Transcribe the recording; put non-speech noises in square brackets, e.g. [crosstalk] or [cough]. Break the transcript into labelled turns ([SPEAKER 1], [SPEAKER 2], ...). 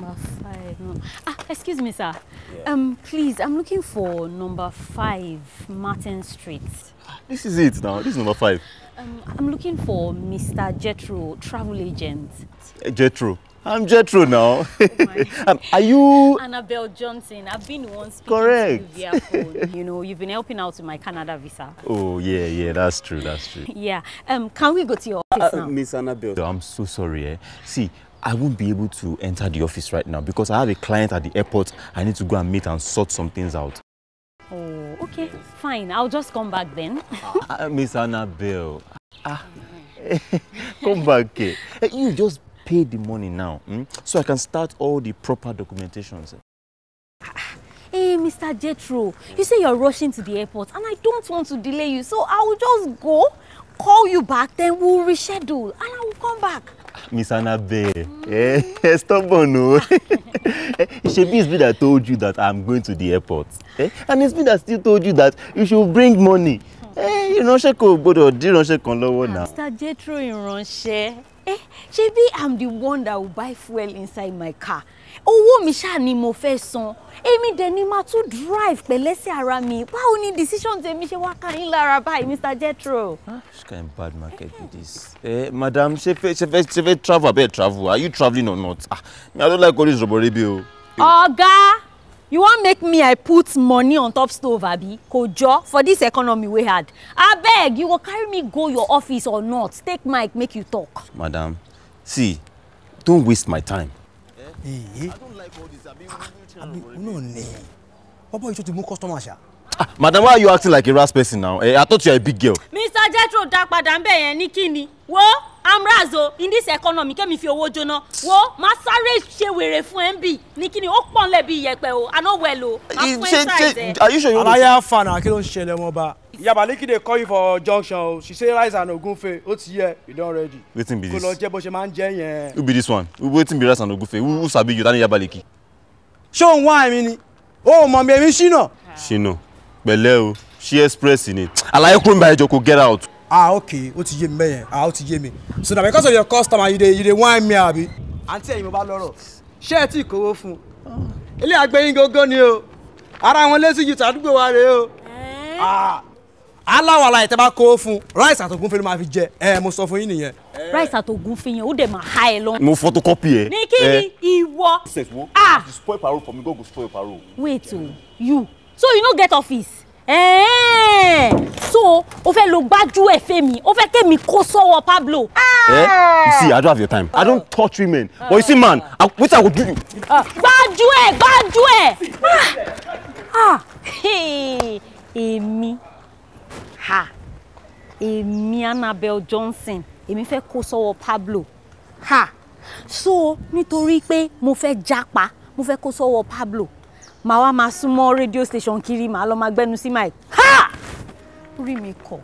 [SPEAKER 1] Number five. Ah, excuse me, sir. Yeah. Um, please, I'm looking for number five, Martin Street. This is it now. This is number five. Um, I'm looking for Mr. Jethro, travel agent.
[SPEAKER 2] Eh, Jethro. I'm Jethro now. Oh [laughs] um, are you?
[SPEAKER 1] Annabelle Johnson. I've been once. Correct. To you, via phone. [laughs] you know, you've been helping out with my Canada visa.
[SPEAKER 2] Oh yeah, yeah, that's true, that's true. [laughs]
[SPEAKER 1] yeah. Um, can we go to your office uh, now?
[SPEAKER 2] Miss Annabelle. I'm so sorry. Eh? See, I won't be able to enter the office right now because I have a client at the airport. I need to go and meet and sort some things out.
[SPEAKER 1] Oh, okay, fine. I'll just come back then.
[SPEAKER 2] uh, [laughs] Miss Annabelle. Ah. [laughs] come back You just pay the money now hmm? so I can start all the proper documentations.
[SPEAKER 1] Hey, eh, eh, Mr. Jethro, you say you're rushing to the airport and I don't want to delay you, so I will just go, call you back, then we'll reschedule and I will come
[SPEAKER 2] back. Miss Annabelle, eh, eh stubborn, oh. [laughs] Eh, Shebi, it's me that told you that I'm going to the airport. Eh? And it's me that still told you that you should bring money. Eh, You know, ìránṣẹ́ kò gbọ́dọ̀ díránṣẹ́ kan lọ́wọ́ náà.
[SPEAKER 1] Mr. Jethro ìránṣẹ́ eh ṣebí i'm the one that will buy fuel inside my car owó mi ṣáà ni mo fẹ́ san èmi dẹ̀ ni máa tún drive pẹ̀lẹ́sẹ̀ ara mi báwo ni decision tèmi ṣe wá ká yín lára báyìí mr jethro. Huh? Ah,
[SPEAKER 2] she kind of bad market be this. Eh, madam ṣe fẹ́ ṣe fẹ́ ṣe fẹ́ travel abeg travel are you travelling or not? ah me i don't like all this robori bi o.
[SPEAKER 1] ọ̀gá. Oh, you wan make me i put money on top stove abi ko for dis economy wey hard abeg you go carry me go your office or not take mic make you talk.
[SPEAKER 2] madam see don waste my time. ee eh, eh. abi no ne bàbá yìí tó ti mú customer ṣá. ah madam why are you acting like a rash person now eh, i thought you are a big girl.
[SPEAKER 1] mr jethro dá padà ń bẹ̀ yẹn ní wo amraz o in this economy kémi fi owó jóná wo máa sáré ṣe wèrè fún ẹ ń bì ni kíni ó pọ̀ nlẹ̀ bí iyẹ̀pẹ̀ o àná wẹ̀
[SPEAKER 2] lo máa fún ẹ ṣáìsẹ̀. aláya fana kí ló ń ṣẹlẹ̀ wọn bá. yaba leki dey call you for junction o she say rice and ogunfe o ti yẹ you don ready. wetin be this kò lọ jẹ bó ṣe máa ń jẹ yẹn. who be this one wetin be rice and ogunfe who, who sabi you tani yaba liki. ṣé òun wá èmi ni ó mọ̀ mi èmi ṣìnà. ṣìnà pẹ̀lẹ́ o ṣí express ni àlàyé kúrò nígbà ẹjọ́ kò get out ah okay ó ti yé mi bẹ́yẹn ah ó ti yé mi so na because of your customer you dey you dey whine me abi. àǹtí ẹ̀yin mo bá lọ́rọ̀ ṣé ẹ tí ì kówó fún un ilé àgbẹ̀yìn gógó ni o ara wọn lé sí ju tàdúgbò wa rèé o ah, aláwọ̀ aláyẹ̀ tẹ́ bá kó fún rice àtògùn fún mi máa fi jẹ ẹ mo sọ fún yín nìyẹn.
[SPEAKER 1] rice àtògùn fún yẹn ó dẹ̀ máa há ẹ lọ.
[SPEAKER 2] mo photocopy ẹ. ní kí ni ìwọ. sef wo ah spoil parole for me go go spoil parole.
[SPEAKER 1] wait o you so you no get office. Eh? so o fẹ́ lo gbájú ẹ̀ fẹ́mi o fẹ́ kémi kó sọ́wọ́ Pablo. Eh? Ah! You see,
[SPEAKER 2] I don't have your time. I don't touch women. But you see, man, I, what I will do you.
[SPEAKER 1] Ah, gbájú ẹ̀, gbájú ẹ̀. Ah! Emi, ha, Emi Annabel Johnson, Emi, fẹ́ kó sọ́wọ́ Pablo. Ha, so nítorí pé mo fẹ́ jápa, mo fẹ́ kó sọ́wọ́ Pablo màá wá máa súnmọ́ rédíò station kiri màá lọ máa gbẹ́nu sí mike rí mi kọ̀.